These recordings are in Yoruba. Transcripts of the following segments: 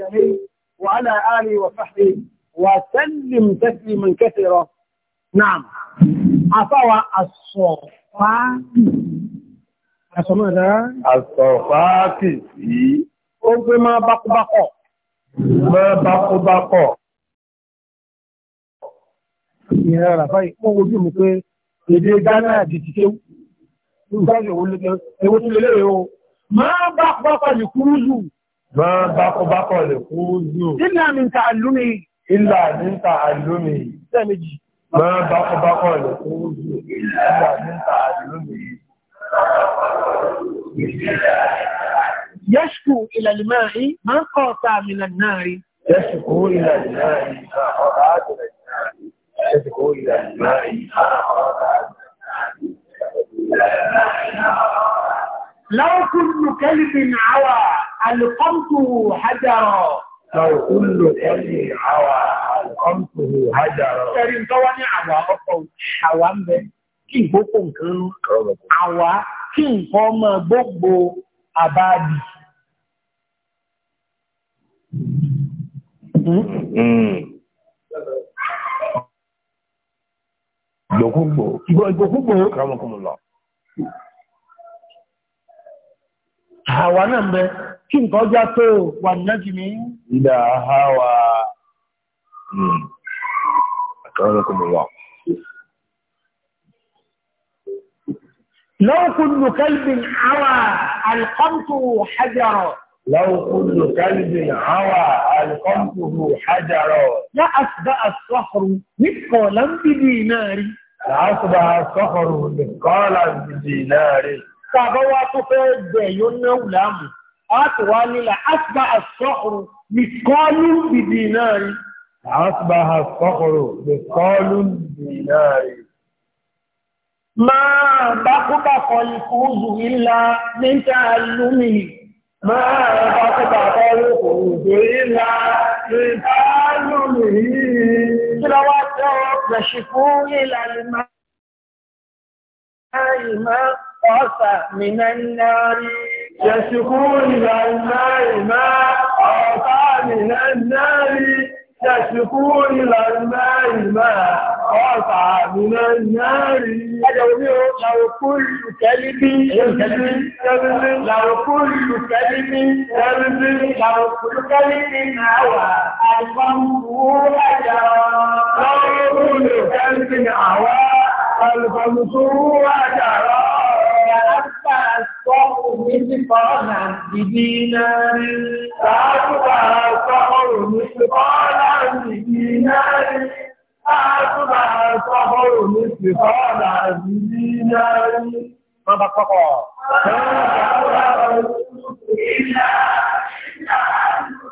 عليه وعلى آله وصحبه وسلم تسليما كثيرا نعم عفوا الصفات aṣọ náà dára. Aṣọ fáàkì sí. Ó gbé máa bákúbákọ̀. Máa bákúbákọ̀. Ìyẹn rà fáyì, mọ́ ojú mi pé èdè Ghana àti ti kéwú. Ìgbàjọ̀ wo lé Ewo tún lélẹ́rẹ̀ o. Máa bákúbákọ̀ ní kúrúzù. ما بقى بقى الخوذ إلا من تعلمي إلا من تعلمه ما بقى بقى الخوذ إلا من تعلمي يشكو إلى الماء ما قاطع من النار يشكو إلى الماء ما قاطع من النار يشكو إلى الماء ما قاطع من النار لو كل كلب عوى alùkọ́mtùhù hajjarọ̀. Lọ́rùkúlù ẹni àwà alùkọ́mtùhù hajjarọ̀. Ẹ̀rí ń tọ́wọ́ ní àwà ọkọ̀ àwà ń bẹ kí ìgbókò nǹkan àwà kí nǹkan ọmọ gbogbo àbáàdì. Gbogbo. Gbogbo. Gbogbo. hawa náà ń bẹ kí nǹkan já tó wà لو كل كلب عوى ألقمته حجرا لو كل كلب عوى ألقمته حجرا لأصبأ الصخر مثقالا بديناري لأصبأ الصخر مثقالا بديناري tàbá wá tó fẹ́ bẹ̀ yóò náwù láàmù láti wá nílà àtìbá àṣọ́kùrù nìkọ́lù bìdì náà rí àtìbá àṣọ́kùrù nìkọ́lù bìdì náà rí máa bá kúbà kọlù kúrùzù ńlá níta lómi máa bá kúbà kọlù kúrùzù ńlá níta lómi kí lọ́wọ́ tó yẹ̀ṣìkú ìlànà máa خاف من النار يشكو إلى الماء ما خاف من النار يشكو إلى الماء ما خاف من النار لو كل كلب لو كل كلب لو كل كلب هوى ألفمه أجرا لو كل كلب هوى ألفمه أجرا صخر مثقال بدينار أعطبها صخر مثقال بدينار أعطبها صخر مثقال بدينار ما بقى إلا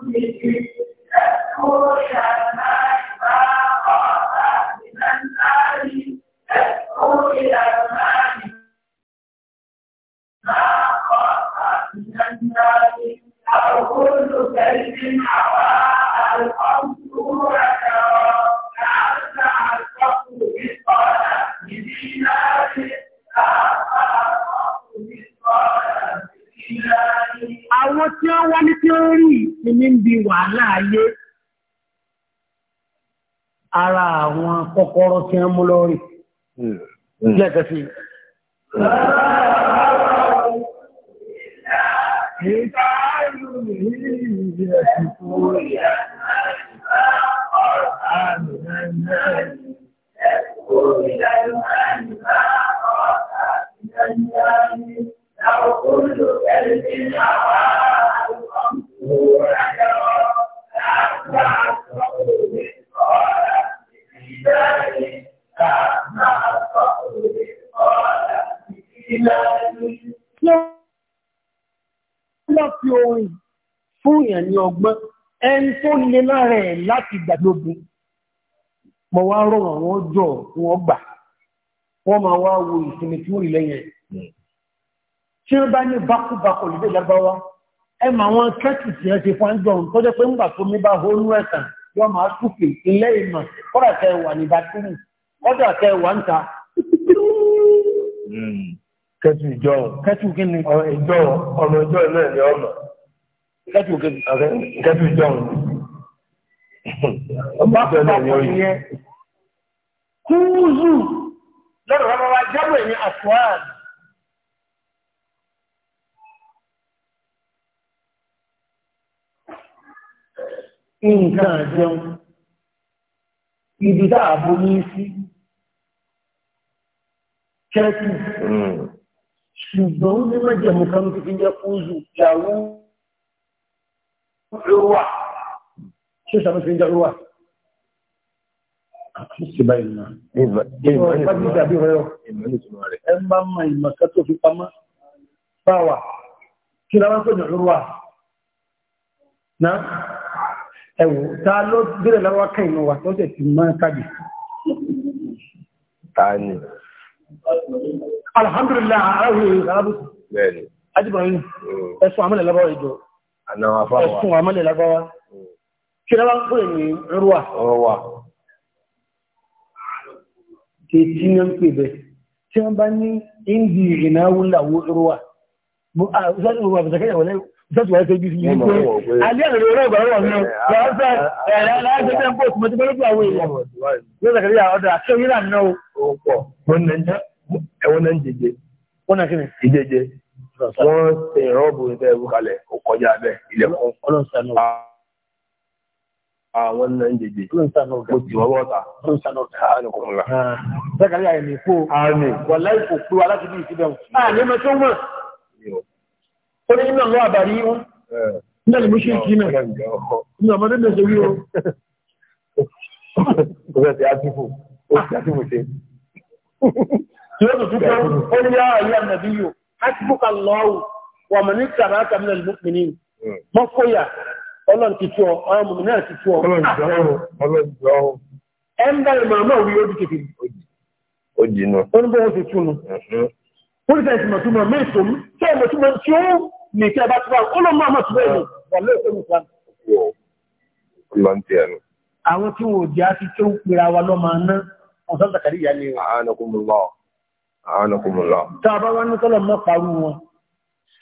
إلا أنت الناس أو كل كلب عواء الأرض ركبا لعل الحق مثقال بدينار Àwọn tí ó wá ní tí ó rí ìsinmi ń bi wàhálà ayé ara àwọn kọ́kọ́rọ́ tí wọ́n mú lọ́rí. Lẹ́ẹ̀kẹ́ hmm. sí. Hmm. Ìtàlù yìí yẹ̀ sí fún ìyàtọ̀ ọ̀rọ̀ àmì. tí ó ń fún èèyàn ní ọgbọ́n ẹni tó lè lára ẹ̀ láti ìgbàlódé mọ̀ wá rọrùn àwọn ọjọ́ wọn gbà wọ́n ma wá wo ìsinmi tí ó rí lẹ́yìn tí bá ní bákúbakù lè lágbáwá ẹ ma wọn kẹ́kì ẹ ti fún àjọ tó jẹ́ pé ń gbà mi bá hónú ẹ̀sàn ilé kẹtù ìjọ kẹtù kí ni ìjọ ọmọ ìjọ náà ni ọmọ kẹtù kí ni kẹtù ìjọ ọmọ ìjọ náà ni ọyẹ kúúzù lọ́dọ̀ wọn wá jábọ̀ ẹ̀yìn àfúàn nǹkan àjẹun ibi tá a bomi sí kẹtù. Hmm ṣùgbọ́n ó ní mẹ́jẹ̀mú kan tó fi jẹ́ kóòzù ìyàwó ìrúwà tí ó sàmì fi jẹ́ ìrúwà. Àkíyèsí báyìí náà. Ìgbàgbé tàbí rẹ̀ ẹ máa ma ìmọ̀ká tó fi pamọ́ báwà kí la máa ń pè ní ìrúwà. Náà ẹ̀wò ta ló bẹ̀rẹ̀ lọ́wọ́ kẹ́yìn wa tó tẹ̀ sí máa ń kájì alhamdulillah aráwọ̀ ìrìnàbù ajíbọ̀nrin ẹ̀sùn àmọ́lẹ̀ lábáwá ìjọ ẹ̀sùn àmọ́lẹ̀ lábáwá kí lábá ń pè ní rúwà kí tí ní ń pè bẹ̀ tí wọ́n bá ní indi ìrìnàwó làwó Jọ́sù wáyé fẹ́ bí i yìí pé, alẹ́ ẹ̀rọ ọ̀rọ̀ ọ̀rọ̀ mi ò, lọ́wọ́ fẹ́ ẹ̀rọ aláṣẹ fẹ́ ń bò tí mo ti gbọ́dọ̀ àwọn èèyàn. Yóò sàkẹ́lẹ́ ọ̀dọ̀ àti òyìn là ń ná o. Ọ̀pọ̀ ẹ̀wọ̀n náà ń jẹjẹ. Wọ́n náà kí ni? Ìjẹjẹ. Wọ́n ṣe ìrọ́bù ìfẹ́ ìwú kalẹ̀, ó kọjá abẹ́ ilẹ̀kùn. Ọlọ́sàn ah, náà. Àwọn náà ń jẹjẹ. Ọlọ́sàn náà. Mo ti wọ́n bọ́ta. Ọlọ́sàn náà. Sẹ́kàlẹ́ àyẹ̀ ó ní iná lọ àbàrí wọn nígbà ní mo ṣe kí náà ní ọmọdé bẹ̀ ṣe wí o. kò fẹ́ ṣe àtúfò ó ṣe àtúfò ṣe. tí ó tún fẹ́ ó ní ààyè ànàbí yìí o hasbuka lọ́wọ́ wà mọ̀ ní sàrà kàmínà lùmùkìnì mọ́kóyà ọlọ́run ti tú ọ ọmọ mọ̀mí náà ti tú ọ. ọlọ́run jọ ọ. ẹ ń bá ìmọ̀ àmọ́ òwe ó di ó di ó ní bọ́ wọn ti tú nù. pólítẹ̀sì mọ̀túmọ̀ mẹ́tòm tí ẹ̀ tí ó ní kẹ́ bá ti bá ó ló mọ́ ọmọ tìbẹ́ ìlú pẹ̀lú èkó nìkan. àwọn tí wọn ò jẹ́ àti tó ń pera wa lọ́ máa ná wọn sọ́n tàkàrí ìyá ni. tá a bá wá ní tọ́lọ̀ mọ́ parú wọn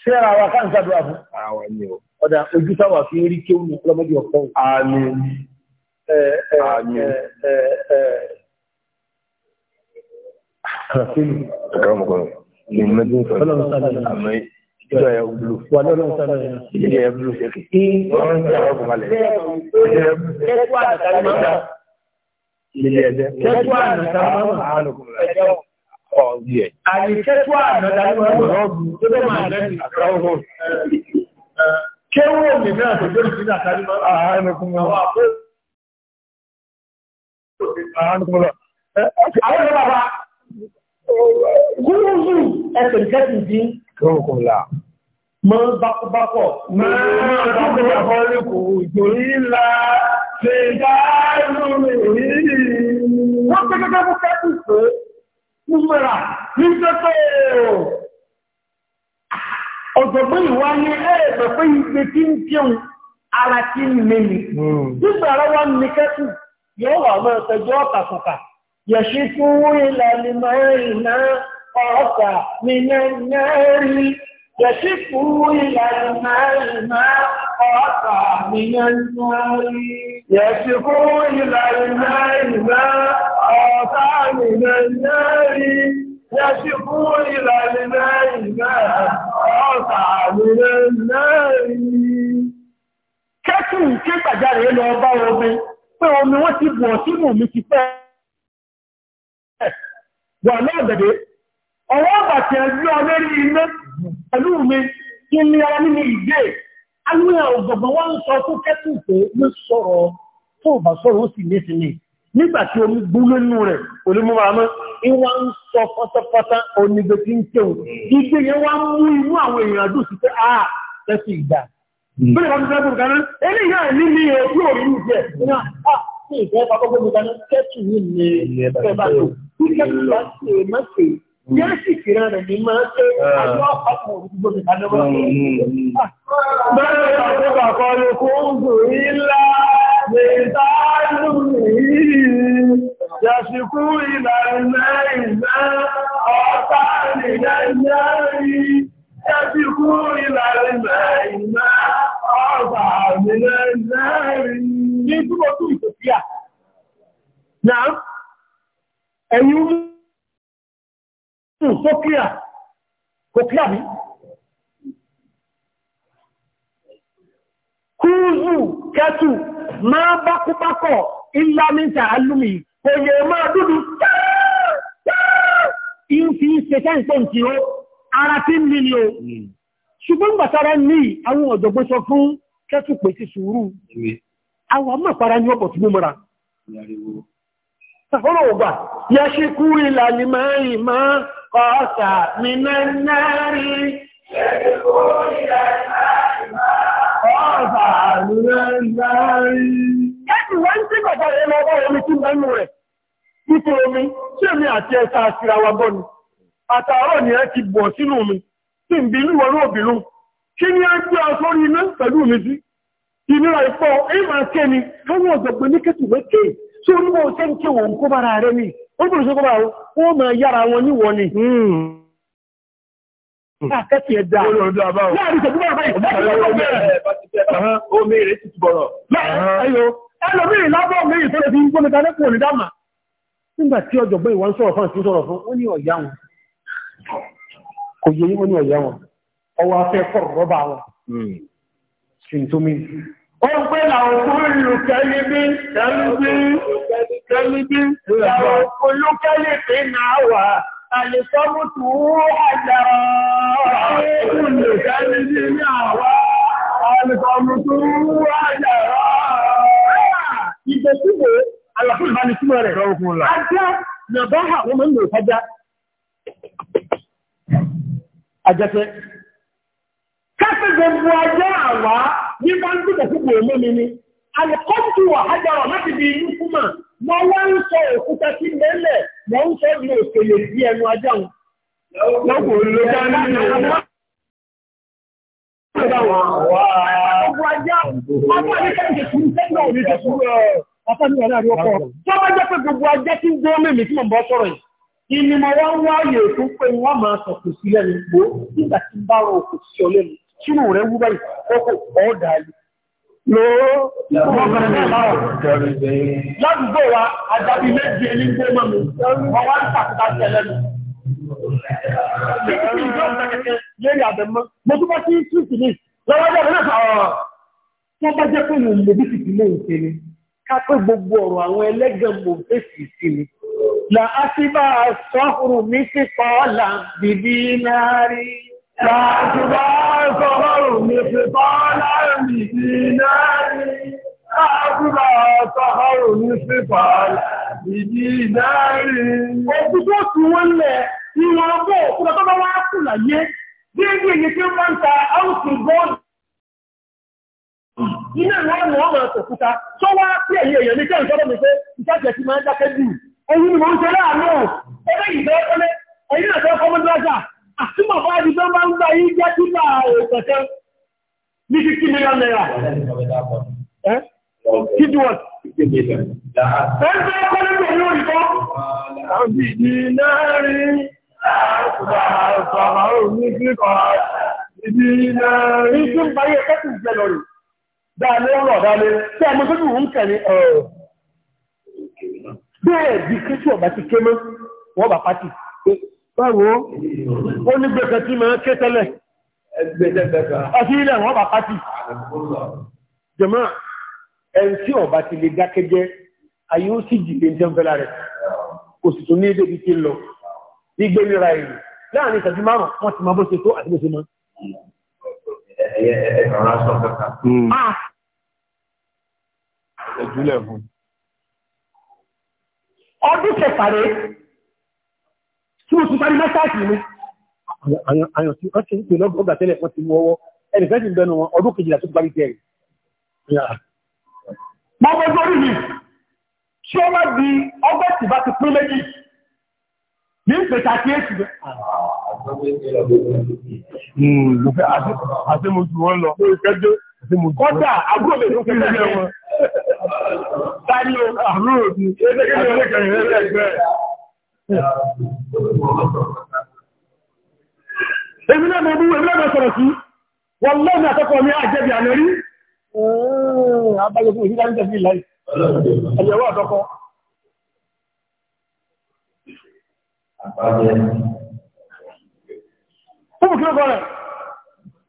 ṣé ara wa ká ń ṣàdúrà fún. o. ọ̀dà ojú táwa fi rí kéwù ní ọlọ́mọdé ọ̀pọ̀ o. àmín. àmín. Àkàrà fílù. Àkàrà mọ̀kànlá. Ìmọ̀lẹ́dún sọ̀rọ̀. Ọlọ́run sábà náà. Àmín. Ìjọ ẹ̀ blu. Wà lọ́dún sábà yẹn. Ìjọ ẹ̀ blu ṣe kí. Wọ́n ń jà ọkùnrin balẹ̀. Kẹ́kọ̀ọ́ àtàrí máa ń bà. Ilé ẹ̀jẹ̀. Kẹ́kọ̀ọ́ àtàrí máa ń bà. Ẹ̀jẹ̀ ọ̀gbìn ẹ̀. Àyè kẹ́kọ̀ọ́ àtàrí máa ń bà. Tó bẹ́ẹ̀ máa lẹ́nu àkàrọ̀ Kéwọ́ mi náà tó lórí sílẹ̀ àtàrí máa ń bà. Àánú kún mi. Àánú kún mi lọ. Àwọn ọ̀rọ̀ bàbá gúrùsù ẹsẹ̀ ìkẹ́sì sí rọ́kùnlá mọ́ bákúbákọ̀ máa bákúbákọ̀ lẹ́kù ìjòrí ńlá ṣe dáàrù rí wọ́n pẹ́kẹ́kẹ́ fún kẹ́kù pé múmẹ́ra ní pẹ́pẹ́ ọ̀gbọ̀gbọ́n ìwá ní ẹ̀ẹ̀bẹ̀ pé ìgbé tí ń kíun ara tí ń mẹ́lì hmm. nígbà ara wá ní kẹ́kù yóò wà mọ́ ẹ̀sẹ̀jọ́ ọ̀tàkùnkà yẹ̀ṣíkú ìlànà mẹ́rìnà ọ̀ọ́kà mìíràn yẹ̀ṣíkú ìlànà mẹ́rìnà ọ̀ọ́kà mìíràn yẹ̀ṣíkú ìlànà mẹ́rìnà ọ̀ọ́kà mìíràn yẹ̀ṣíkú ìlànà mẹ́rìnà ọ̀ọ́kà mìíràn kẹ́kùn kí pàjáre lọ bá omi pé omi wọ́n ti bọ̀ sínú mi ti pẹ́ wà lọ́ọ̀dẹ̀dẹ̀ ọwọ́ àbàtẹ̀ yọ lórí iná pẹ̀lú mi kí ní ara nínú ìgbé alúwẹ̀ ọ̀gbọ̀gbọ̀n wọ́n ń sọ fún kẹ́tù pé ló sọ̀rọ̀ tó bá sọ̀rọ̀ ó sì ní sinmi nígbà tí omi gbúlé nù rẹ̀ olúmọ́ra mọ́ ìwà ń sọ pátápátá onígbé tí ń tẹ̀wò ìgbé yẹn wá mú inú àwọn èèyàn àdó sí pé a tẹ́sí ìgbà. Hmm. bẹ́ẹ̀ ni wọ́n fẹ́ ṣe ìfẹ́ papọ̀ gbogbo ìdáná kẹ́tù yìí ni ìfẹ́ bá lò kẹ́tù bá ṣe má ṣe bí a rẹ̀ ní máa ṣe ah. àjọ ọ̀pọ̀ gbogbo ìdáná wọn. Mm, mm, mm. bẹ́ẹ̀ ni bàbá mi kò ń gùn yín lá lè dá lùmí yàtìkú ìlànà ọba àmìlẹ̀ láàrin ní túnbọ̀ tún ìtòsíà náà ẹ̀yìn mú sókíà kò kíà bí kúúzù kẹtù máa bá kúpákọ̀ ìlàmíta alúmi kò yẹ máa dúdú tẹ́ẹ̀ẹ́ ṣùgbọ́n gbàtara ní àwọn ọ̀dọ̀gbọ́n sọ fún kẹ́tù pé sí sùúrù àwọn mọ̀para ní ọ̀pọ̀ tí mú mọ́ra ọ̀rọ̀ ògbà yẹ ṣe kú ìlàlìmọ̀ ìmọ̀ ọ̀sà mìíràn náà rí Ẹ̀kù wọ́n tí bàbá rẹ̀ lọ ọwọ́ omi tí mẹ́nu rẹ̀. Títò ni. Àtàárọ̀ ni ẹ ti bọ̀ sínú mi. tí ń bínú wọn náà bínú kí ni a gbé ọsọ rí iná pẹ̀lú mi sí ìnira ìpọ̀ ìmọ̀ kẹni káwọn ọ̀gbọ̀gbọ̀ ní tí ó ṣe ń kó bára ni ó bára máa yára wọn ní ni. Nígbà tí ọjọ̀gbọ́n ìwọ̀n sọ̀rọ̀ fún sọ̀rọ̀ fún, ó kò yẹ yín ní ọ̀yẹ́ wọn ọwọ́ afẹ́ kọ̀rọ̀ rọ́bà wọn hmm. ṣìntómi. ó ń pè làwọn olùkẹ́lẹ́bí kẹ́lẹ́bí kẹ́lẹ́bí làwọn olùkẹ́lẹ́bí náà wà àlìsọ́mùtù àjà olùkẹ́lẹ́bí náà wà àlìsọ́mùtù àjà ìgbésíbò àlàfíìbánisímọ̀ rẹ̀. ajá nàbáhà wọn máa ń lò fájá ajẹ́fẹ́. Káfí gbogbo ajẹ́ àwá ní bá ń dìbò fún gbòó mọ́ mi ni. Àlùkọ́tù àjọrọ̀ láti di inú fún mà. Mo wá ń sọ òkúta sí mẹ́lẹ̀, mo ń sọ ní òkèlè sí ẹnu ajá wọn. Lọ́pọ̀ ló dá nínú wọn. Gbogbo ajá, ní kẹ́kẹ́ ìní mo wá ń wáyè tó pé wọ́n máa sọ̀kù sí lẹ́nu gbó nígbà tí ń bá rọ òkú sí ọ lẹ́nu sínú rẹ̀ wú báyìí kókò ọ̀dà yìí. Ládùúgbò wa, àjàbí méje ní gbé mọ́ mi, wọ́n ń tàkùtà sí ẹlẹ́nu. Títí ìjọ ìtàkẹ́kẹ́ lérí àbẹ̀mọ́, mo tún bá sí Tíìtì ní lọ́wọ́ jẹ́ ìbílẹ̀ sọ̀rọ̀. Wọ́n bá jẹ́ pé mo mọ̀ bí tìtì mò ń ṣe ni, ká pé gbogbo ọ̀rọ̀ àwọn ẹlẹ́gàn mò ń fèsì sí ni. La لأتبع الصهر مثقالا بدينار لأتبع الصهر مثقالا بدينار لأتبع الصهر مثقالا بدينار Òkú tó tù wọ́n lẹ̀ tí wọ́n bọ̀ òkúta tó bá wá kù láyé, déédéé iye tí ó máa ń ta áùsì bọ́ọ̀lù. Iná ìwọ́n ni wọ́n máa tòkúta, tó wá sí ẹ̀yẹ èèyàn ní kẹ́rin sọ́dọ̀ mi pé ìṣàjẹ̀ ti máa ń dákẹ́ jù ẹ̀yìn ni mo ń tẹ́lá àmọ́ ẹgbẹ́ ìgbẹ́ ọ̀pẹ́lẹ́ ẹ̀yìn àti ọkọ̀ mọ́dúrájà àtúmọ̀ bá di tó máa ń gba yí jẹ́ títà òkẹ̀kẹ́ ní 50 million naira. Kìdí wọ́n. Ẹgbẹ́ ọkọ̀lẹ́ pẹ̀lú òyìnbó. Àbìdì náà rí àtùbà òní kíkọ́. Ìdí náà rí. Ìdí ń parí ẹ̀kẹ́ bẹ́ẹ̀ bí kíkú ọ̀bá ti ké mọ́ wọ́n bá pátì báwo ó ní gbẹ̀kẹ̀ tí máa ké tẹ́lẹ̀ ọ̀sí ilẹ̀ wọ́n bá pátì jẹ̀mọ́ ẹn tí ọ̀bá ti lè dákẹ́jẹ́ ayé ó sì jìde ní tẹ́ńfẹ́lá rẹ̀ kò sì tún ní èdè bí ti lọ gbígbé nira èrò láàrin ìṣẹ́jú márùn wọ́n ti máa bó ṣe tó àti bó ṣe mọ́ ẹ̀yẹ ẹ̀rọ aṣọ kankan. ojúlẹ̀ fún un ọdún kẹfàrẹ tí ó tún parí mẹ́sàkì ní àyàn tí wọ́n ti ń pè lọ́gbà tẹ́lẹ̀ wọ́n ti mú ọwọ́ ẹni fẹ́ ti ń bẹnu wọn ọdún kejìlá tó parí tẹ́rì mọ́gbọ́n lórí mi tí ó máa di ọgbẹ́ tí bá ti pín méjì ní ìpèsè àkíyèsí hmm, àti mojú wọn lọ kọjá àbúrò mi ló kẹjọ wọn bá ní àmì òbí. Ah, èmi náà mọ̀ bú èmi náà sọ̀rọ̀ sí, wọ́n lọ́nà àtọ́kọ̀ mi àjẹ́bì àná rí. Àbájọ fún òṣìṣẹ́ ní tẹ̀sí láì. Ẹ̀yẹ̀wọ́ àtọ́kọ́. Fún òkè ọkọ̀ rẹ̀,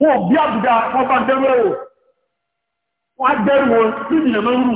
wọ́n bí àbùdá wọ́n bá dẹ́rù ẹ̀wò. Wọ́n á dẹ́rù wọn sí ìdìyàn náà rù.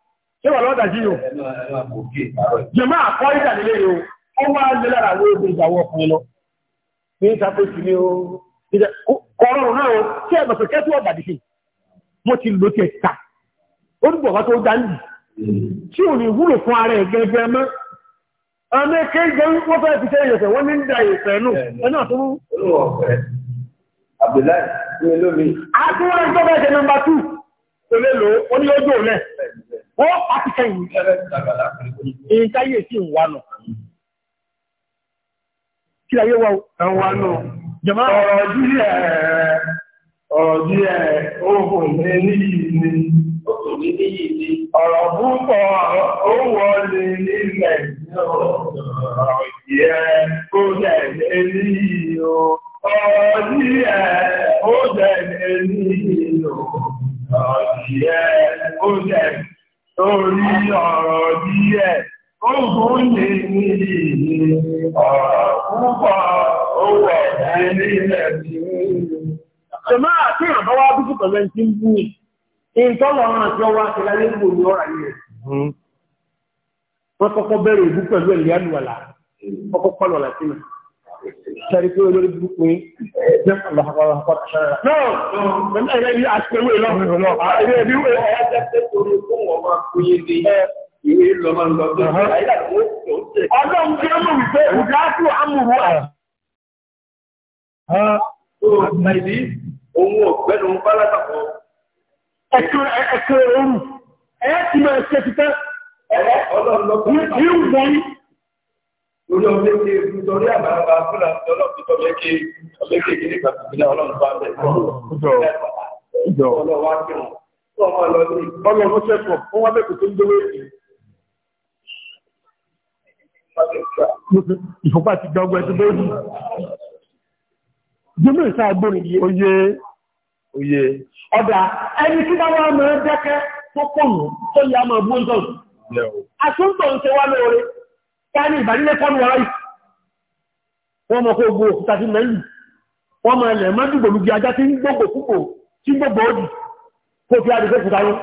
ṣé wà lọ́dà jí o jẹmọ́ àkọ́ ìdàlélé o ó wá lé lára àwọn ogun ìgbàwọ̀ ọkùnrin lọ ní ìsàkóso ní o kọ̀ọ̀rọ̀ náà tí ẹ̀mọ̀ pẹ̀kẹ́ tó ọ̀bà dìṣe mo ti lò tẹ̀ ta ó ní bọ̀wá tó dá nìyí tí ò ní wúlò fún ara ẹ̀ gẹ́gẹ́ mọ́ ọmọ ẹ̀kẹ́ ìjọ wọ́n fẹ́ fi ṣe ìyẹ̀fẹ̀ wọ́n ní ń da ìyẹ̀fẹ̀ nù ẹ̀nà tó mú. Abdullahi ní olómi. a tún wọ́n ń tọ́ka ẹ̀jẹ̀ two kò lè lò ó pàtí kẹyìn èyí táyé sí ń wà nù kí láyé wà ń wà nù jọmọ́ ọ̀rọ̀ jí ẹ̀ ọ̀rọ̀ jí ẹ̀ oògùn ní níyì ni ọ̀rọ̀ púpọ̀ owó lè nílẹ̀ ọ̀rọ̀ jí ẹ̀ ó dẹ̀ níyì o ọ̀rọ̀ jí ẹ̀ ó dẹ̀ níyì o ọ̀rọ̀ jí ẹ̀ ó dẹ̀ orí ọ̀rọ̀ díẹ̀ oògùn lè ní ọ̀rọ̀ púpọ̀ owó ẹ̀dẹ́ nílẹ̀ tí ṣùgbọ́n àti ìrànbá wá pẹ̀lú ẹni tí ń bú ní ìtọ́lọ̀ ọ̀rọ̀ tí ọwọ́ àti láyé ń gbòmí ọ̀rọ̀ ayé hmm. wọ́n kọ́kọ́ bẹ̀rẹ̀ ìbú pẹ̀lú ẹ̀lẹ́yàlúwàlá ọkọ̀ pọ̀lọ̀ làtínà sẹ́rí pé olórí burúkú yìí jẹ́ ọ̀lọ́pàá ọ̀pọ̀ ṣẹ́rẹ̀. náà ẹ̀rẹ́ yìí àṣẹwé lọ́wọ́ ẹ̀rẹ́ ẹ̀bí wọ́n ẹ̀ẹ́dẹ́ pé torí fún ọmọ akóyé dé ìwé lọ́mọ lọ tó ṣe àyíká tó ń tẹ̀. ọdún tí ó mú wípé ìdájú amúrú àrà. tó nàìjí ohun ọ̀gbẹ́ni ń bá torí ọmọdé ṣe èdè torí àgbàlagbà fúlàní ọlọ́ọ̀tì tó jẹ́ kí ọmọdé ṣe kí nípa ìpínlẹ̀ ọlọ́run bá bẹ̀. ọlọ́run ló sẹ́kọ̀ọ́ wọ́n wá bẹ̀kù tó ń gbé wéèkì. ìfúnpá ti gbọ́ ọgbẹ́ tó bẹ́ẹ̀ ni. jẹ́mọ̀ ìsá agbórin yìí. oyè oyè. ọ̀dà ẹni tí bá wà máa dákẹ́ tó pọ̀ nù tó yà máa bú ń tọ̀. àtúntò ń ṣe wá lóore ká ní ìbàdílé kọ́nù ọ̀rọ̀ yìí wọ́n mọ̀ kó gbogbo òkúta sí mẹ́lì wọ́n mọ̀ ẹ̀lẹ̀ mọ́ dùgbò lùgbì ajá tí ń gbogbo púpọ̀ tí ń gbogbo òdì kó fi àdìgbò òkúta yọ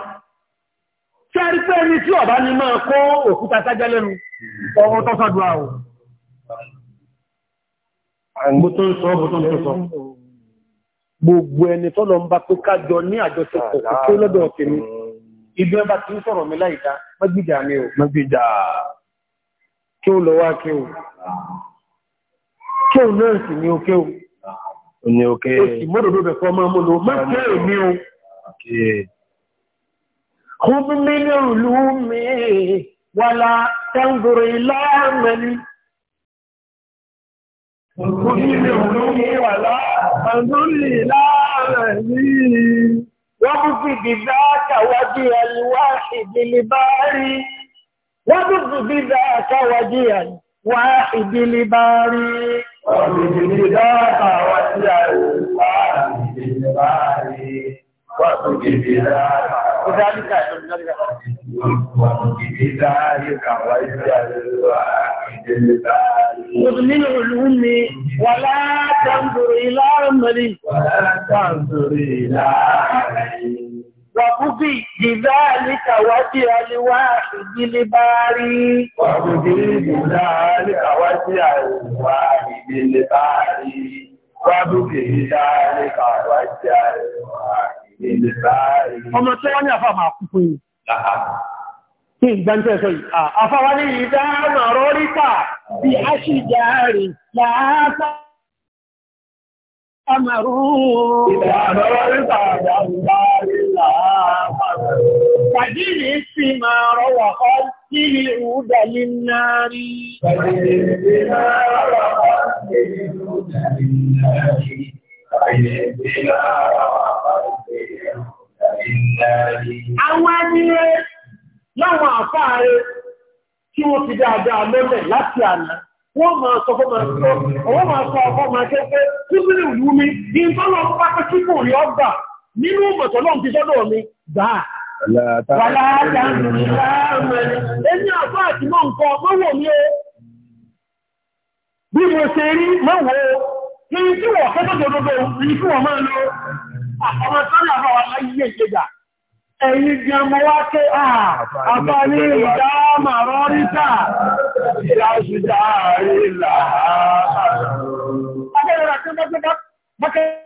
tí a rí pé ẹni tí ọ̀bá ni máa kó òkúta sájá lẹ́nu ọ̀rọ̀ tó sàdúrà o gbogbo ẹni tọ́lọ ń bá pé kájọ ní àjọṣepọ̀ kò tó lọ́dọ̀ ọ̀tẹ̀mí ibi ẹbá tí ń sọ̀rọ̀ mi láìdá mọ́gbìjà mi ò mọ́gbìjà kí ó lọ wá kí ó kí ó náà sì ní ó kí ó ní ó kí ó sì mọ́dọ̀dọ̀ bẹ̀ fọ́ máa mú lọ má kí ó ní ó kún mi ní òlú mi wàlá tẹ́ǹgùrù ìlàmẹ́ni kún mi ní òlú mi wàlá tẹ́ǹgùrù ẹlùwá ìdílé bá rí. بذاك وجيا واحد لباري ومن بذاك وجيا واحد لباري ومن بذاك اغني العلوم ولا تنظر إلى عملي ولا تنظر إلى عملي وقضي بذلك وجه الواحد الباري وقضي بذلك وجه الواحد الباري وقضي ذلك وجه الواحد الباري ọmọ tí wọ́n ní àfà máa kú fún yìí kí ìgbẹ́ntẹ́ sọ yìí àfáwá ní ìdáhàmà rọ́ríkà bí a ṣì járe láàtà àmàrú ìdáhàmà rọ́ríkà dáadáa وجل بما روقت للعود للنار للنار àwọn ẹni láwọn àfáà tí wọ́n fi dáadáa lọ́lẹ̀ láti àná wọ́n máa sọ fọ́ máa sọ ọwọ́ máa sọ ọkọ́ máa jẹ́ pé mi ní tọ́lọ́ pápá rí ọgbà Wàlá àdàmù láàmù. Ẹni àbá àti mọ́ nǹkan mọ́wọ̀ mi o. Bí mo ṣe rí mọ́wọ̀ o, kí n tí wọ̀ fẹ́tọ̀dọ̀dọ̀ ní kí wọ́n máa lọ. Ah, àwọn sọ́rọ̀ àwọn aláyé ìjẹjà. Ẹ̀yin di ọmọ wá ké àbálé ìdáàmà rọ́ríkà. Ìlàṣìdá àrílà. Abẹ́rẹ́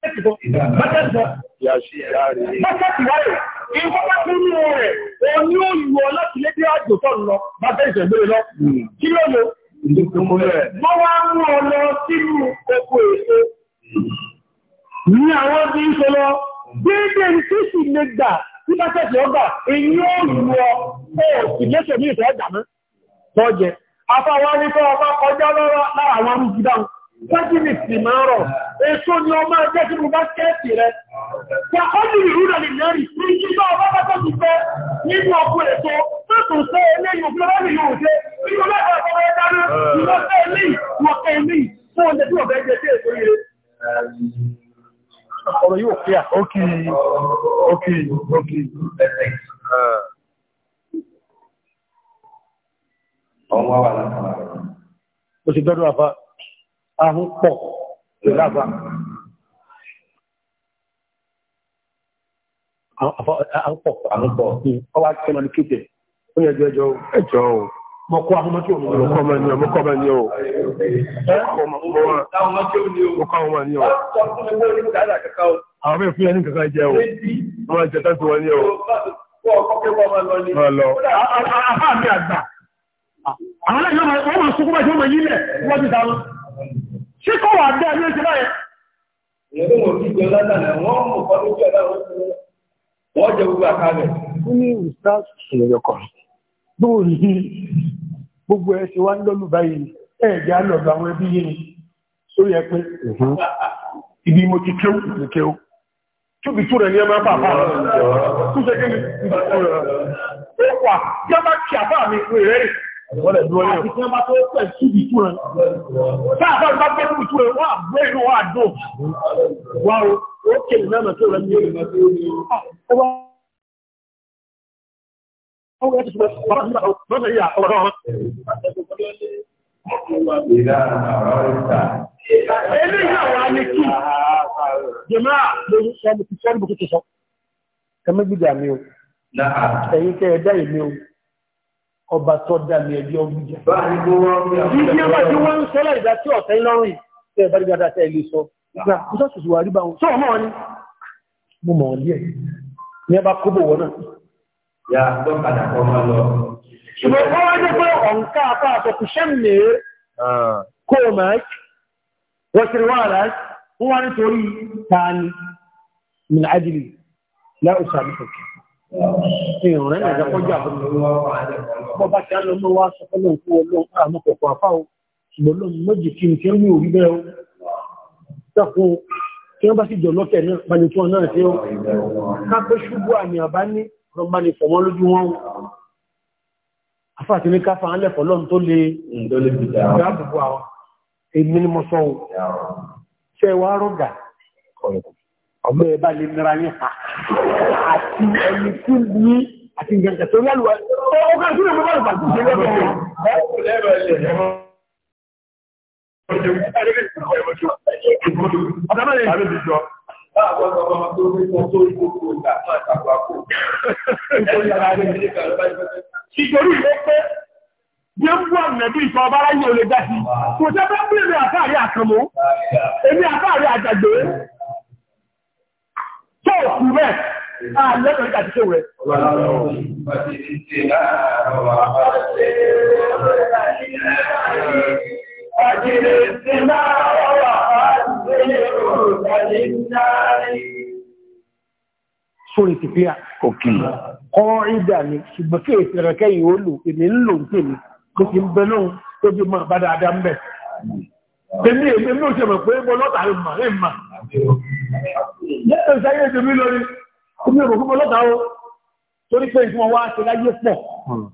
Ìfọ́pá tí ní rẹ̀, o ní ó yíwọ láti lé dé àjò tọ́ lọ, bá tẹ́ ìṣẹ̀gbé lọ. Kí ló lò? Mọ́ wá mú ọ lọ sínú oko èso. Ní àwọn tí ń ṣe lọ, déédé tí sì lè gbà tí bá tẹ́ ìṣẹ̀gbà, èyí ó yíwọ ọ̀sì lẹ́ṣẹ̀ ní ìṣẹ̀ Fájìmì sì máa rọ̀, èso ni ọmọ ẹgbẹ́ tí mo bá kẹ́ẹ̀tì rẹ̀. Wà ó ìrú rẹ̀ lè lẹ́rìí sí ìjọba ọba bá ti fẹ́ nínú ọkọ̀ èso, fún oúnjẹ tí ọ̀bẹ jẹ yóò fi à. ahun pọ̀ tó Àwọn pọ̀ àwọn pọ̀ ọwọ́ akẹ́kọ̀ọ́ máa ní kéde. Ó yẹ jọjọ o. Ẹ jọ o. Mo kọ́ àwọn ọmọ tí òun lọ. Mo kọ́ ọmọ ni o. ni o. Àwọn Àwọn Àwọn ṣé kọ́ wà dé ẹni oṣù báyẹn. ìyẹ́dẹ́ wọn ti jẹun látàlẹ̀ wọ́n mú ọkọ lójú ẹ̀dá wọn ti wọ́n jẹ gbogbo àkàlẹ̀. ó ní ìsá ìṣẹ̀yọkọ̀ lóò rí gbogbo ẹ̀ ṣe wá ń lọ́lù báyìí ẹ̀ẹ́dẹ́ á lọ̀dọ̀ àwọn ẹbí yìí ni ó yẹ pé mhm. ibi mo ti kéwù ní kéwù tóbi tó rẹ̀ ní ẹmọ ẹ̀fà àfáà tó ṣe kí ni ó wà tí a bá kí àfáà mi wọ́n lè dúró yẹn. Àti bá tó pẹ̀ síbi tú rẹ̀. Táàbá bá gbé síbi tú rẹ̀, wọ́n àgbé inú wa dùn. Wá o, ó ké ìlú náà tó rẹ̀ ní èrè náà tó ní. Ó wá. Ó wá ti sọ bàbá mi náà ló ń ọ̀rọ̀ wọn. Eléyìí ọba tó dámi ẹbí ọgbùn jẹ. Ìdí ọba tí wọ́n ń sọ́lá ìdá tí ọ̀tẹ́ lọ́rùn tẹ́ bá dígbàdá tẹ́ ilé sọ. Ìgbà kúsọ́ sùsù wà rí bá wọn. Sọ́ọ̀mọ́ wọn ni. Mo mọ̀ ọ́lẹ́ ní ẹbá kóbò wọn náà. Yà tó padà kọ́ máa lọ. Ṣùgbọ́n wọ́n wá jẹ́ pé ọ̀nká apá àtọ̀kù sẹ́mi ah. kó máa Ìrìn ẹ̀jẹ̀ kọjá bọ́ bá ti á lọ lọ́wọ́ aṣọ pẹ́lú òkú ọlọ́run àmọ́ pẹ̀pọ̀ o, ṣùgbọ́n lọ́nà méjì kí n tí ní orí bẹ́ẹ̀ o. Dàpọ̀ tí wọ́n bá sì jọ lọ́kẹ̀ náà, bá ní tí wọ́n náà ṣe o. Ká pé ṣubú àmì àbá ní lọ bá ní fọ̀wọ́n lójú wọn o. Afá àti ní ká fa án lẹ̀fọ́ lọ́n tó le dáàbòbò àwọn. Èmi ni mo sọ o. Ṣé wàá rọ̀gà? Kọ̀ọ̀kọ̀ ọmọ ẹ bá lè nira yín ha àti ẹni tí ní àti ìgbẹ̀ǹkẹ̀ tó lálùwà ó ká sí ìrìnàmọ́ bàbá tó ṣe lọ́wọ́ Ìgbòrí ìwé pé bí ó ń bú àmìnàbí ìṣọ́ ọba aráyé olè dá sí, kò jẹ́ bá ń bèèrè àtàrí àkànmọ́, èmi àtàrí àjàgbé, tó kù bẹ́ẹ̀ àlẹ́kọ̀ọ́ nígbà tí tó rẹ̀. Sórí ti fi òkè kọ́ ìdà ni, ṣùgbọ́n kí èsì rẹ̀ kẹ́yìn ó lò, èmi ń lò ń tèmi, kò sì ń bẹ lóhun tó fi mọ́ bá dáadáa ń bẹ̀. Èmi èmi ló ṣe mọ̀ pé bọ́lọ́tà rẹ̀ mà rẹ̀ mà lẹ́tọ̀ ìsáyé èdè mi lórí omi òrò púpọ̀ lọ́ta o torí pé ìfún ọwá ṣe láyé pọ̀ hmm.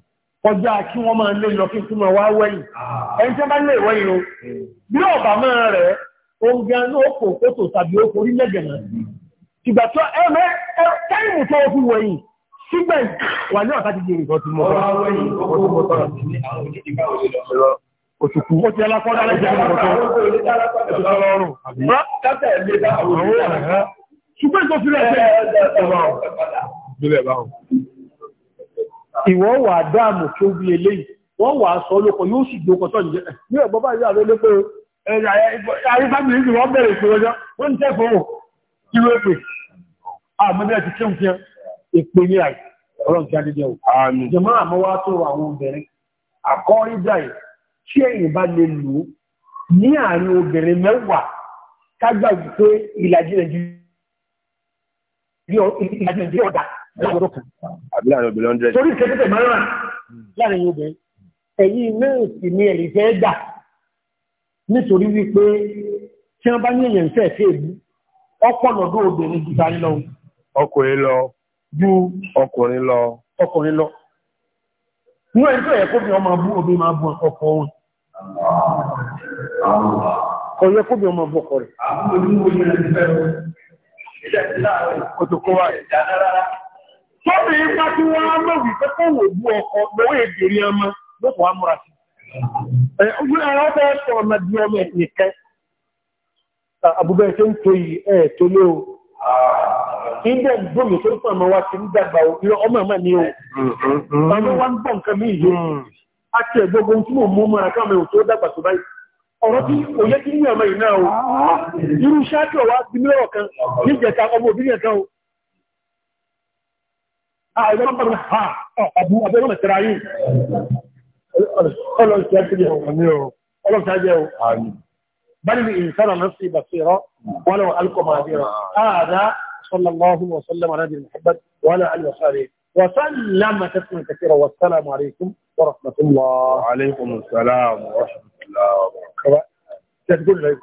kọjá kí wọ́n máa lé lọ kí tún máa wá wẹ́yìn ah. ẹni tí wọ́n bá lè wẹ́yìn o hmm. bí ọ̀bà máa rẹ̀ ohun gan ní ó kò kó tò tàbí ó kò rí lẹ́gẹ̀ẹ́ ìgbà o fi wẹ̀yìn sígbẹ̀ wà ní ọ̀tá ti di nǹkan tí mo bá wẹ̀yìn ó kó tó tọ̀ sí ní ọ̀rọ̀ ṣùgbọ́n ìtọ́ fi rẹ̀ ìwọ́ wà dáàmù kí ó bí eléyìí wọ́n wà sọ lókọ yóò sì gbókọ tọ́ ìjẹ́ ní ẹ̀bọ́ bá ìyá lólé pé àrífàmìlì ìlú wọ́n bẹ̀rẹ̀ ìpè ọjọ́ wọ́n tẹ́ fún ò kí ló pè àmọ́bẹ̀ ti kí ń fi èpè ní àì ọlọ́n ti adédé ò jẹmọ́ àmọ́ wá tó àwọn obìnrin àkọ́rídà ì tí ẹ̀yìn bá lè lò ní àárín obìnrin mẹ́wàá kágbàgbé pé ìlàjì nàìjíríà ìdí ọ̀dà láàárọ̀ kan. àbí láàárọ̀ obìnrin hundred. torí ìkẹ́tẹ́tẹ̀ márùn-ún láàrin yóò bẹ̀rẹ̀ ẹ̀yìn náà sì ni ẹ̀rí fẹ́ gbà nítorí wípé tí wọ́n bá ní èèyàn fẹ́ fẹ́ èbú ọ̀pọ̀ lọ́dún obìnrin jù sáré lọ. ọkùnrin lọ. ju ọkùnrin lọ. ọkùnrin lọ. inú ẹni tó yẹ kó bí ọmọ abú obìnrin máa bu ọkọ wọn. kò kó bí ọmọ abú ọkọ rẹ̀. Kòtòkó wa. Tọ́bì ipá tí wọ́n mọ̀ wípé kó wò bú ọkọ̀ lọ́wọ́ èdèrí ọmọ lókò wá sí. Ojú ẹ̀rọ fẹ́ sọ ọmọ di ọmọ nìkẹ́. Àbúgbẹ́ Ilé tó ti ń dàgbà o. Ọmọ mm-hmm. mm. A ẹ̀gbọ́gbọ́n tí dàgbà ọ̀rọ̀ tí kò yẹ kí ní ọmọ ìná o irú ṣáàkì ọwá ti mẹ́rọ̀ kan ní ìjẹta ọmọ òbí yẹn o وسلم على كثيرا والسلام عليكم ورحمة الله وعليكم السلام ورحمة الله الله وبركاته